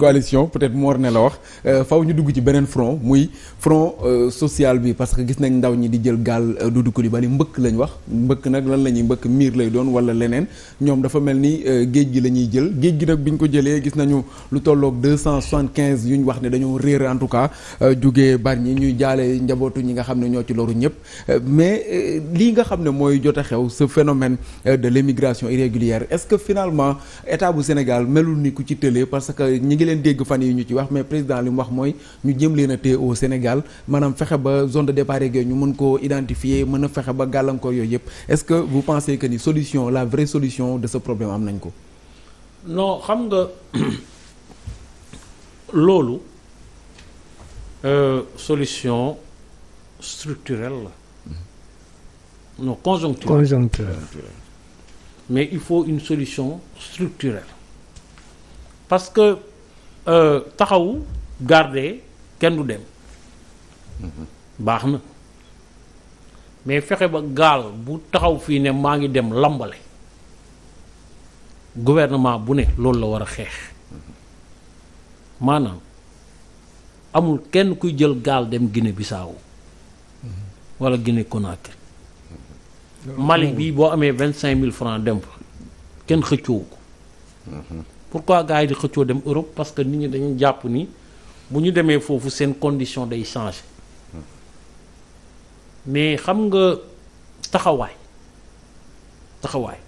coalition peut-être ne la wax euh, faw ñu dugg ci beneen front muy front euh, social bi parce que gis nañ ndaw ñi di jël gaal euh, Doudou Coulibaly mbëkk lañ wax mbëkk nag lan la ñuy mbëkk miir lay doon wala leneen ñoom dafa mel ni géej gi la ñuy jël géej gi nag bi ñu ko jëlee gis nañu lu tolloog deux cent soixante quinze yu wax ne dañoo réer en tout cas jugee bar ñi ñuy jaale njabootu ñi nga xam ne ñoo ci loru ñëpp mais lii nga xam ne mooy jot xew ce phénomène de l'émigration irrégulière est-ce que finalement état Sénégal ngi leen dégg fan yi ñu ci wax mais président li mu wax mooy ñu jëm leen a au Sénégal maanaam fexe ba zone de départ yeeg ñu mën koo identifier mën a fexe ba gàllankoor yooyu yëpp est-ce que vous pensez que ni solution la vraie solution de ce problème am nañ ko. non xam nga loolu euh, solution structurelle la mm-hmm. non conjoncturelle mais il faut une solution structurelle parce que Euh, taxawu garde kenn du dem baax na mais fexe ba gaal bu taxaw fii ne maa ngi dem lambale gouvernement bu ne loolu la war a xeex maanaam amul kenn kuy jël gaal dem Guinée Bissau wala Guinée Conakry Mali bi boo amee vingt cinq mille francs dem fa kenn xëccoowu ko pourquoi gars yi di xëccoo dem Europe parce que nit ñi dañu jàpp ni bu ñu demee foofu seen condition day changer mais xam nga taxawaay taxawaay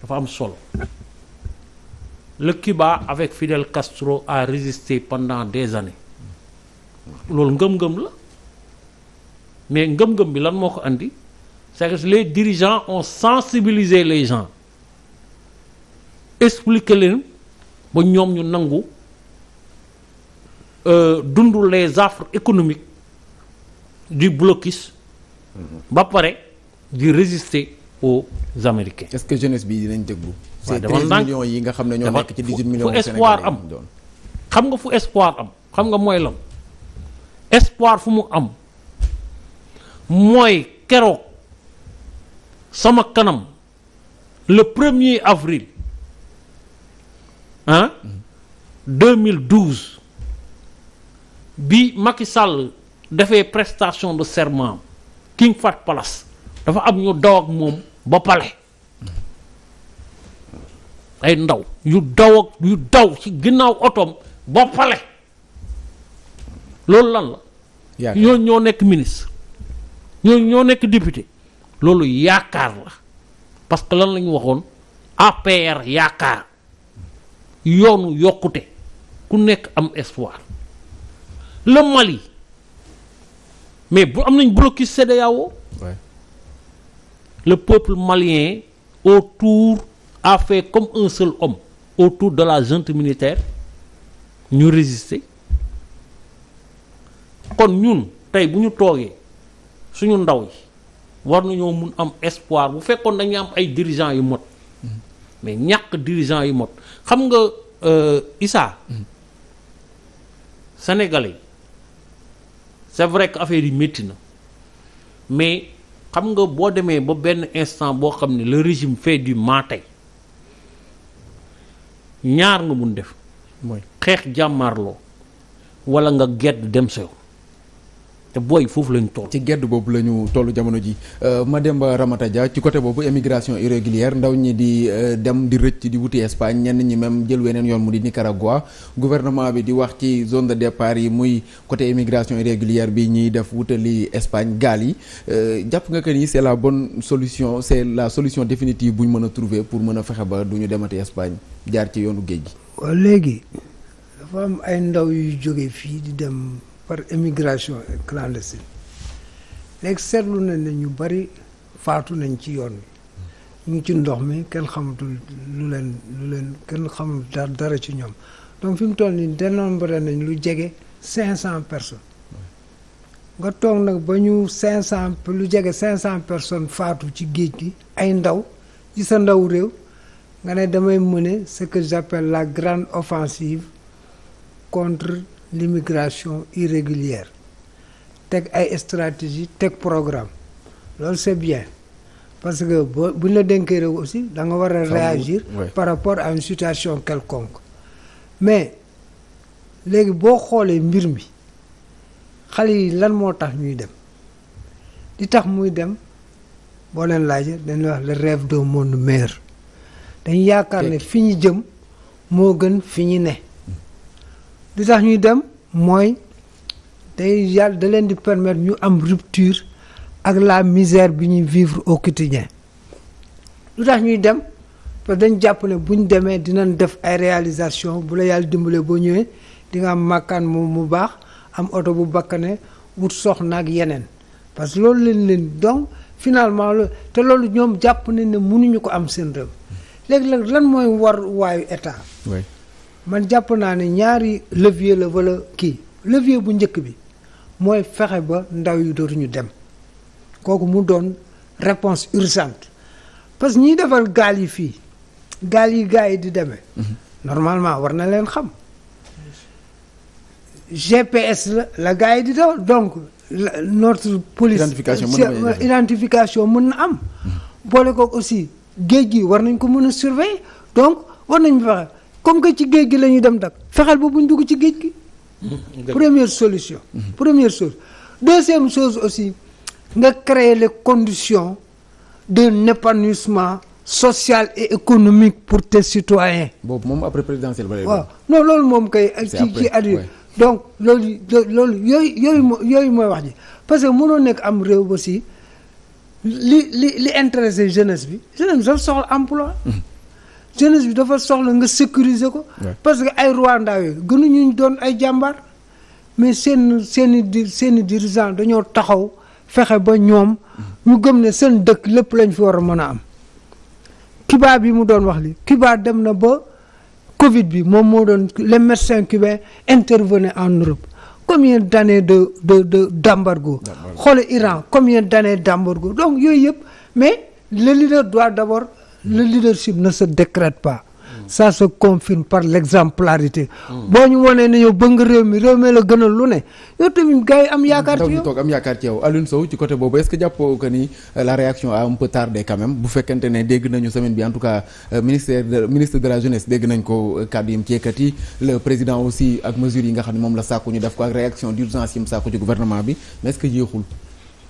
dafa am solo le Cuba avec Fidel Castro a résisté pendant des années loolu ngëm-ngëm la mais ngëm-ngëm bi lan moo ko indi c'est que les dirigeants ont sensibilisé les gens expliquer leen ba ñoom ñu nangu euh, dund les affres économiques du blocus. ba pare di résister aux Américains. est-ce que jeunesse bi dinañ déglu. waaw dafa naan yi nga xam ne ñoo nekk ci 18 millions. fu espoir am xam nga fu espoir am xam nga mooy lan espoir fu mu am mooy keroog sama kanam le premier avril. ah 2012 bi Macky Sall defee prestation de serment King Fahd Palace dafa am ñu daw ak moom ba pale ay ndaw yu daw ak yu daw ci ginnaaw otoom ba pale loolu lan la. ñoo ñoo nekk ministre ñoo ñoo nekk député loolu yaakaar la parce que lan lañu waxoon APR yaakaar. yoonu yokkute ku nekk am espoir le Mali mais bu am nañ blocus CEDEAO le peuple malien autour a fait comme un seul homme autour de la junte militaire ñu résister kon ñun tey bu ñu toogee suñu ndaw yi war nañoo mun am espoir bu fekkoon dañuy am ay dirigeants yu mot mais ñàkk dirigeant yu mot xam nga euh, Issa sénégalais c'est vrai que affaire yi métti na mais xam nga boo demee ba benn instant boo xam ne le régime fait du matin ñaar nga mun def mooy xeex jàmmaarloo wala nga gedd dem sa te booy foofu lañ toll. ci gedd boobu la ñu toll jamono ji euh, Mademba Ramata Dia ci côté boobu émigration irrégulière ndaw ñi di euh, dem di rëcc di wuti Espagne ñenn ñi même jël weneen yoon mu di Nicaragua gouvernement bi di wax ci zone de départ yi muy côté émigration irrégulière bi ñuy def wutali Espagne gaal yi euh, jàpp nga que ni c'est la bon solution c'est la solution définitive bu ñu mën a trouver pour mën a fexe ba du ñu demati Espagne jaar ci yoonu géej gi. waaw léegi dafa am par immigration clandestine léegi seetlu na ne ñu bari faatu nañ ci yoon bi ñu ngi ci ndox mi kenn xamatul lu leen lu leen kenn xamatul dara ci ñoom donc fi mu toll nii dénombré nañ lu jege cinq cent personnes nga toog nag ba ñu cinq cent lu jege cinq cent personnes faatu ci géej gi ay ndaw ci sa ndaw réew nga ne damay mener ce que j'appelle la grande offensive contre l'immigration irrégulière teg ay stratégie teg programme loolu c'est bien parce que boo bu ñu la dénkee réew aussi da nga war a réagir oui. par rapport à une situation quelconque mais léegi boo xoolee mbir mi xale yi lan moo tax ñuy dem li tax muy dem boo leen laajee dañuy wax le rêve d'un monde maire dañu yaakaar ne fi ñu jëm moo gën fi ñu ne du tax ñuy dem mooy day yàlla da leen di permettre ñu am rupture ak la misère bi ñuy vivre au quotidien lu tax ñuy dem parce dañ jàpp ne buñ demee dinañ def ay réalisation bu la yàlla dimbalee boo ñëwee di nga am makkan moom mu baax am oto bu bakkane wut soxna ak yeneen parce que loolu leen leen donc finalement loolu te loolu ñoom jàpp nañ ne munuñu ko am seen réew léegi nag lan mooy war waayu état man jàpp naa ne ñaari levier la wala kii levier bu njëkk bi mooy fexe ba ndaw yu dootuñu dem kooku mu doon réponse urgente parce que ñiy defal gaal yi fii gaal yi gars yi di demee mhm. normalement war na leen xam GPS la la gars yi di daw donc notre police identification mën na am mhm. boole ko aussi géej gi war nañ ko mën a surveiller donc war nañ fexe comme que ci géej gi lañuy dem nag fexeel ba buñ dugg ci géej gi. première solution. Mhm. première chose deuxième chose aussi nga créer les conditions d'un épanouissement social et économique pour tes citoyens. boobu moom après présidentiel ba waaw non loolu moom kay. ci ci at donc loolu loolu yooyu yooyu yooyu mooy wax ji parce que mënoo nekk am réew aussi li li li intéressé jeunesse bi jeunesse bi soxla emploi. Mhm. jeunesse bi dafa soxla nga sécuriser ko. parce que ay Rwanda yooyu gënuñu ñu doon ay jàmbaar. mais seen seen i di seen i dirigeant dañoo taxaw fexe ba ñoom ñu gëm ne seen dëkk lépp lañ fi war a mën a am. Cuba bi mu doon wax li Cuba dem na ba Covid bi moom moo doon les médecins cubains intervenaient en Europe combien d' années de de de d' xoole Iran comme d' années d' embargo donc yooyu yëpp mais le leader doit d' abord. le leadership ne se décrète pas. ça se confirme par l'exemplarité. boo ñu wanee ne bëgg nga réew mi réew mi la gënal lu ne yow tamit gars yi am yaakaar ci yow toog ci yow boobu est-ce que jàppoo que ni euh, la réaction a peu tardé quand même bu fekkente ne dégg nañu semaine bi en tout cas euh, ministère de ministre de la jeunesse dégg nañ ko euh, kàddu yi mu yëkkati le président aussi ak mesures yi nga xam ne moom la sàkku ñu def ko ak réaction d'urgence yi mu sàkku ci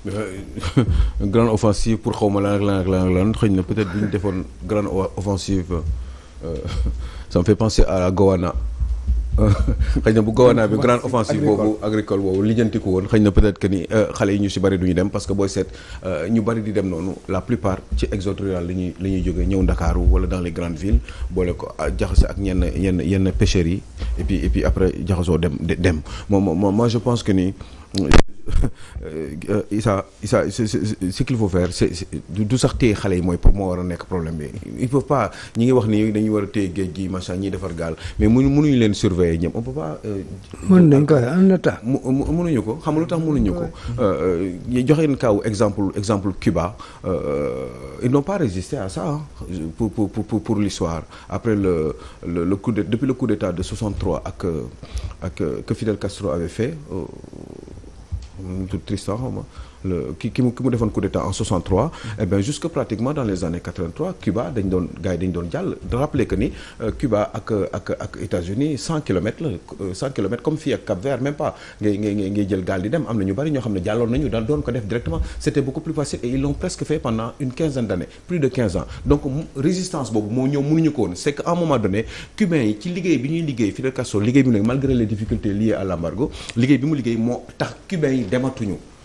Euh, grande offensive pour xaw ma lan ak lan ak na peut-être bu ñu defoon grande offensive euh, ça me fait penser à Gowana xëy na bu Gowana bi grande offensive boobu agricole boobu lijjantiku woon xëy na peut-être que ni euh, xale yi ñu si bari du ñu dem parce que booy seet ñu bari di dem noonu la plupart ci exode rural la ñuy la ñuy jógee ñëw Ndakaaru wala dans les grandes villes boole ko jaxase ak ñenn yenn yenn pêcheurs yi et puis et puis après jaxasoo dem dem moom moom moi je pense que ni. Euh, euh, Issa Issa ce qu'il faut faire c'est du sax téye xale yi mooy moo war a nekk problème bi il faut pas ñi ngi wax ni dañuy war a téye géej gi machin ñiy defar gaal mais mu mënu mënuñu leen surveiller ñoom on peut pas. Euh, mën nañ ko am na tax. mënuñu ko xam lu tax mënuñu ko. joxe kaw exemple exemple Cuba ils n'ont pas résisté à ça pour pour pour pour l'histoire après le le le coup de depuis le coup d'état de 63 ak ak que Fidel Castro avait fait. Tristan xaw ma le ki ki mu ki mu defoon coup d'état en 63 mm. eh bien jusque pratiquement dans les années 83 Cuba dañ doon gars yi doon jàll rappeler que ni euh, Cuba ak ak États-Unis kilomètres euh, kilomètres comme fii ak Cap-Vert même pas ngay ngay ngay jël gaal di dem am na ñu bari ñoo xam ne jàlloon nañu daan doon ko def directement c'était beaucoup plus facile et ils l'ont presque fait pendant une quinzaine d'années plus de 15 ans donc résistance boobu moo ñëw mënuñu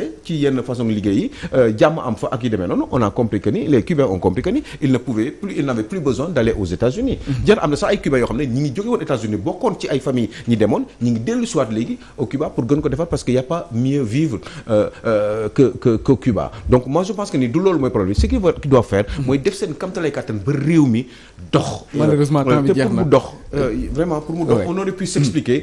forcé ci yenn façon liggéey yi euh, jàmm am fa ak yu demee noonu on a compris que ni les Cubains ont compris que ni ils ne pouvaient plus plus besoin d'aller aux États-Unis mm-hmm. jar am na sax ay Cubains yoo xam ne ñi ngi jóge États-Unis bokkoon ci ay famille ñi demoon ñi ngi dellu soit léegi au Cuba pour gën ko defar parce que y pas mieux vivre euh, euh, que Cuba donc moi je pense que ni du loolu mooy problème ce qu'il doit faire mm-hmm. mooy def seen kamtalay ba réew mi dox malheureusement